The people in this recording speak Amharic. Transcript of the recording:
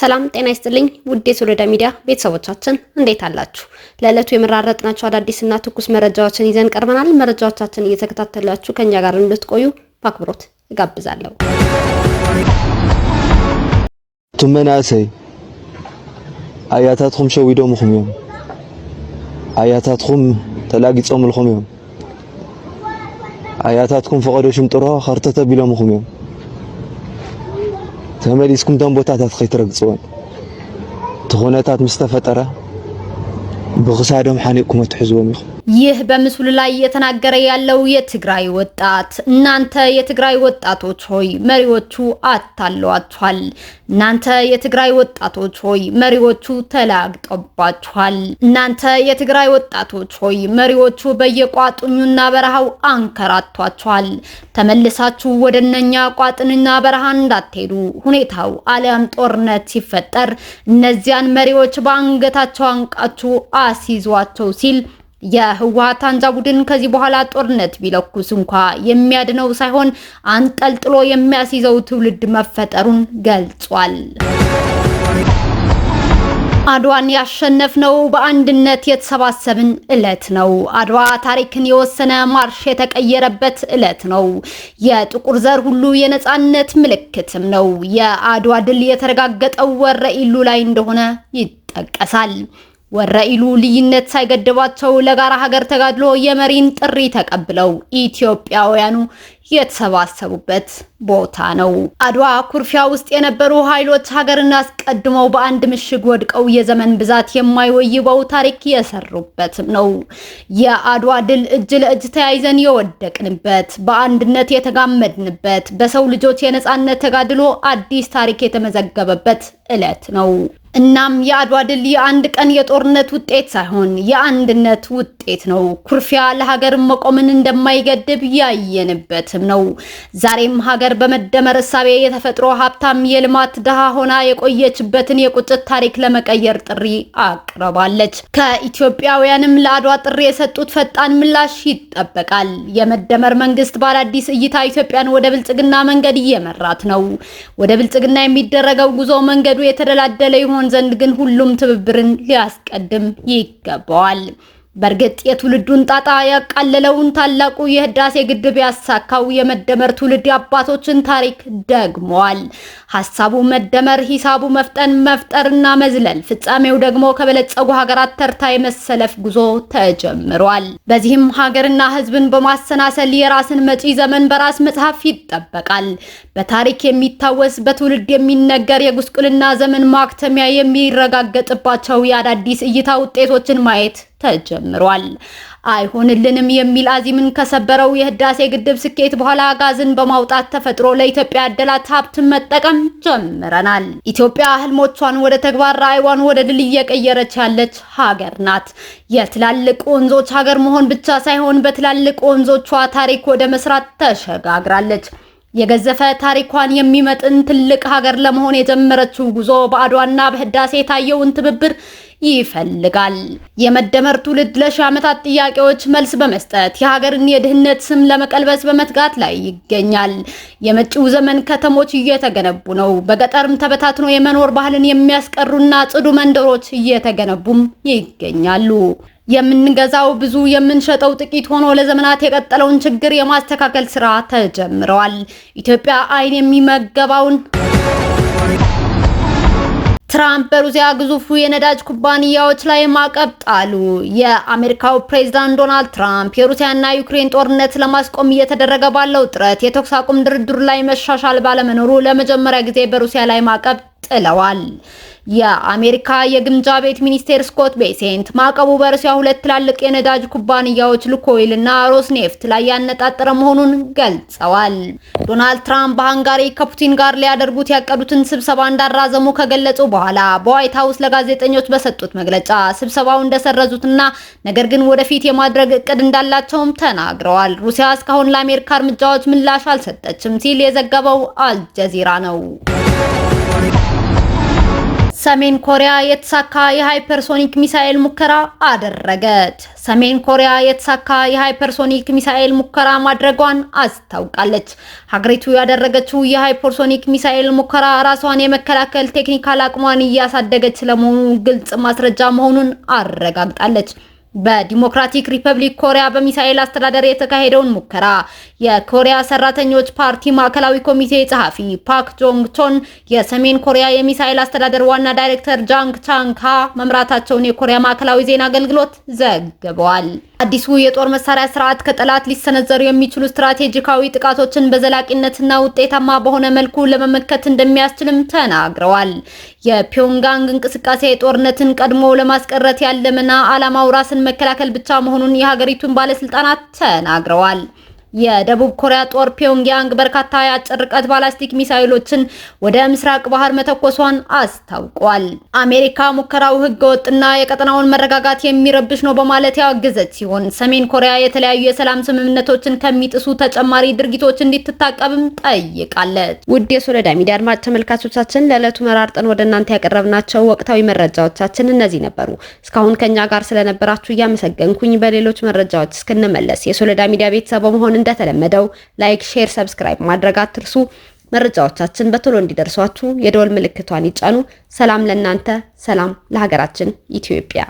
ሰላም ጤና ይስጥልኝ ውድ የሶሎዳ ሚዲያ ቤተሰቦቻችን እንዴት አላችሁ? ለዕለቱ የመራረጥናቸው አዳዲስና ትኩስ መረጃዎችን ይዘን ቀርበናል። መረጃዎቻችን እየተከታተላችሁ ከኛ ጋር እንድትቆዩ በአክብሮት እጋብዛለሁ። እቶም መናእሰይ ኣያታትኩም ሸዊዶምኹም እዮም፣ ኣያታትኩም ተላጊፆምልኹም እዮም፣ አያታትኩም ፈቐዶሽም ጥሮ ከርተተቢሎምኹም እዮም ተመሊስኩም ቶም ቦታታት ከይትረግፅዎን እቲ ኩነታት ምስ ተፈጠረ ብክሳዶም ሓኒቕኩም እትሕዝዎም ኢኹም ይህ በምስሉ ላይ እየተናገረ ያለው የትግራይ ወጣት እናንተ የትግራይ ወጣቶች ሆይ መሪዎቹ አታለዋችኋል። እናንተ የትግራይ ወጣቶች ሆይ መሪዎቹ ተላግጦባችኋል እናንተ የትግራይ ወጣቶች ሆይ መሪዎቹ በየቋጥኙና በረሃው አንከራቷችኋል። ተመልሳችሁ ወደ እነኛ ቋጥንና በረሃ እንዳትሄዱ። ሁኔታው አሊያም ጦርነት ሲፈጠር እነዚያን መሪዎች በአንገታቸው አንቃችሁ አስይዟቸው ሲል የህወሓት አንጃ ቡድን ከዚህ በኋላ ጦርነት ቢለኩስ እንኳ የሚያድነው ሳይሆን አንጠልጥሎ የሚያስይዘው ትውልድ መፈጠሩን ገልጿል። አድዋን ያሸነፍነው በአንድነት የተሰባሰብን ዕለት ነው። አድዋ ታሪክን የወሰነ ማርሽ የተቀየረበት ዕለት ነው። የጥቁር ዘር ሁሉ የነጻነት ምልክትም ነው። የአድዋ ድል የተረጋገጠው ወረኢሉ ላይ እንደሆነ ይጠቀሳል። ወረኢሉ ልዩነት ሳይገድባቸው ለጋራ ሀገር ተጋድሎ የመሪን ጥሪ ተቀብለው ኢትዮጵያውያኑ የተሰባሰቡበት ቦታ ነው። አድዋ ኩርፊያ ውስጥ የነበሩ ኃይሎች ሀገርን አስቀድመው በአንድ ምሽግ ወድቀው የዘመን ብዛት የማይወይበው ታሪክ የሰሩበትም ነው። የአድዋ ድል እጅ ለእጅ ተያይዘን የወደቅንበት፣ በአንድነት የተጋመድንበት፣ በሰው ልጆች የነፃነት ተጋድሎ አዲስ ታሪክ የተመዘገበበት ዕለት ነው። እናም የአድዋ ድል የአንድ ቀን የጦርነት ውጤት ሳይሆን የአንድነት ውጤት ነው። ኩርፊያ ለሀገር መቆምን እንደማይገድብ ያየንበትም ነው። ዛሬም ሀገር በመደመር እሳቤ የተፈጥሮ ሀብታም የልማት ድሃ ሆና የቆየችበትን የቁጭት ታሪክ ለመቀየር ጥሪ አቅርባለች። ከኢትዮጵያውያንም ለአድዋ ጥሪ የሰጡት ፈጣን ምላሽ ይጠበቃል። የመደመር መንግስት በአዳዲስ እይታ ኢትዮጵያን ወደ ብልጽግና መንገድ እየመራት ነው። ወደ ብልጽግና የሚደረገው ጉዞ መንገዱ የተደላደለ ይሆን ዘንድ ግን ሁሉም ትብብርን ሊያስቀድም ይገባዋል። በእርግጥ የትውልዱን ጣጣ ያቃለለውን ታላቁ የህዳሴ ግድብ ያሳካው የመደመር ትውልድ አባቶችን ታሪክ ደግሟል። ሀሳቡ መደመር፣ ሂሳቡ መፍጠን፣ መፍጠርና መዝለል፣ ፍጻሜው ደግሞ ከበለጸጉ ሀገራት ተርታ የመሰለፍ ጉዞ ተጀምሯል። በዚህም ሀገርና ህዝብን በማሰናሰል የራስን መጪ ዘመን በራስ መጽሐፍ ይጠበቃል። በታሪክ የሚታወስ በትውልድ የሚነገር የጉስቁልና ዘመን ማክተሚያ የሚረጋገጥባቸው የአዳዲስ እይታ ውጤቶችን ማየት ተጀምሯል። ጀምሯል። አይሆንልንም የሚል አዚምን ከሰበረው የህዳሴ ግድብ ስኬት በኋላ ጋዝን በማውጣት ተፈጥሮ ለኢትዮጵያ ያደላት ሀብትን መጠቀም ጀምረናል። ኢትዮጵያ ህልሞቿን ወደ ተግባር ራዕይዋን ወደ ድል እየቀየረች ያለች ሀገር ናት። የትላልቅ ወንዞች ሀገር መሆን ብቻ ሳይሆን በትላልቅ ወንዞቿ ታሪክ ወደ መስራት ተሸጋግራለች። የገዘፈ ታሪኳን የሚመጥን ትልቅ ሀገር ለመሆን የጀመረችው ጉዞ በአድዋና በህዳሴ የታየውን ትብብር ይፈልጋል። የመደመር ትውልድ ለሺህ ዓመታት ጥያቄዎች መልስ በመስጠት የሀገርን የድህነት ስም ለመቀልበስ በመትጋት ላይ ይገኛል። የመጪው ዘመን ከተሞች እየተገነቡ ነው። በገጠርም ተበታትኖ የመኖር ባህልን የሚያስቀሩና ጽዱ መንደሮች እየተገነቡም ይገኛሉ። የምንገዛው ብዙ የምንሸጠው ጥቂት ሆኖ ለዘመናት የቀጠለውን ችግር የማስተካከል ስራ ተጀምረዋል። ኢትዮጵያ አይን የሚመገባውን ትራምፕ በሩሲያ ግዙፉ የነዳጅ ኩባንያዎች ላይ ማዕቀብ ጣሉ። የአሜሪካው ፕሬዝዳንት ዶናልድ ትራምፕ የሩሲያና ዩክሬን ጦርነት ለማስቆም እየተደረገ ባለው ጥረት የተኩስ አቁም ድርድሩ ላይ መሻሻል ባለመኖሩ ለመጀመሪያ ጊዜ በሩሲያ ላይ ማዕቀብ ጥለዋል። የአሜሪካ የግምጃ ቤት ሚኒስቴር ስኮት ቤሴንት ማዕቀቡ በሩሲያ ሁለት ትላልቅ የነዳጅ ኩባንያዎች ሉኮይል እና ሮስኔፍት ላይ ያነጣጠረ መሆኑን ገልጸዋል። ዶናልድ ትራምፕ በሃንጋሪ ከፑቲን ጋር ሊያደርጉት ያቀዱትን ስብሰባ እንዳራዘሙ ከገለጹ በኋላ በዋይት ሀውስ ለጋዜጠኞች በሰጡት መግለጫ ስብሰባው እንደሰረዙትና ነገር ግን ወደፊት የማድረግ እቅድ እንዳላቸውም ተናግረዋል። ሩሲያ እስካሁን ለአሜሪካ እርምጃዎች ምላሽ አልሰጠችም ሲል የዘገበው አልጀዚራ ነው። ሰሜን ኮሪያ የተሳካ የሃይፐርሶኒክ ሚሳኤል ሙከራ አደረገች። ሰሜን ኮሪያ የተሳካ የሃይፐርሶኒክ ሚሳኤል ሙከራ ማድረጓን አስታውቃለች። ሀገሪቱ ያደረገችው የሃይፐርሶኒክ ሚሳኤል ሙከራ ራሷን የመከላከል ቴክኒካል አቅሟን እያሳደገች ለመሆኑ ግልጽ ማስረጃ መሆኑን አረጋግጣለች። በዲሞክራቲክ ሪፐብሊክ ኮሪያ በሚሳኤል አስተዳደር የተካሄደውን ሙከራ የኮሪያ ሰራተኞች ፓርቲ ማዕከላዊ ኮሚቴ ጸሐፊ ፓክ ጆንግ ቾን የሰሜን ኮሪያ የሚሳኤል አስተዳደር ዋና ዳይሬክተር ጃንግ ቻንካ መምራታቸውን የኮሪያ ማዕከላዊ ዜና አገልግሎት ዘግበዋል። አዲሱ የጦር መሳሪያ ስርዓት ከጠላት ሊሰነዘሩ የሚችሉ ስትራቴጂካዊ ጥቃቶችን በዘላቂነትና ውጤታማ በሆነ መልኩ ለመመከት እንደሚያስችልም ተናግረዋል። የፒዮንጋንግ እንቅስቃሴ ጦርነትን ቀድሞ ለማስቀረት ያለመና አላማው ራስን ጥቃትን መከላከል ብቻ መሆኑን የሀገሪቱን ባለስልጣናት ተናግረዋል። የደቡብ ኮሪያ ጦር ፒዮንግያንግ በርካታ የአጭር ርቀት ባላስቲክ ሚሳይሎችን ወደ ምስራቅ ባህር መተኮሷን አስታውቋል። አሜሪካ ሙከራው ህገወጥና የቀጠናውን መረጋጋት የሚረብሽ ነው በማለት ያወገዘች ሲሆን ሰሜን ኮሪያ የተለያዩ የሰላም ስምምነቶችን ከሚጥሱ ተጨማሪ ድርጊቶች እንድትታቀብም ጠይቃለች። ውድ የሶለዳ ሚዲያ አድማጭ ተመልካቾቻችን ለዕለቱ መራርጠን ወደ እናንተ ያቀረብናቸው ወቅታዊ መረጃዎቻችን እነዚህ ነበሩ። እስካሁን ከኛ ጋር ስለነበራችሁ እያመሰገንኩኝ በሌሎች መረጃዎች እስክንመለስ የሶለዳ ሚዲያ ቤተሰብ በመሆን እንደተለመደው ላይክ፣ ሼር፣ ሰብስክራይብ ማድረግ አትርሱ። መረጃዎቻችን በቶሎ እንዲደርሷችሁ የደወል ምልክቷን ይጫኑ። ሰላም ለእናንተ፣ ሰላም ለሀገራችን ኢትዮጵያ።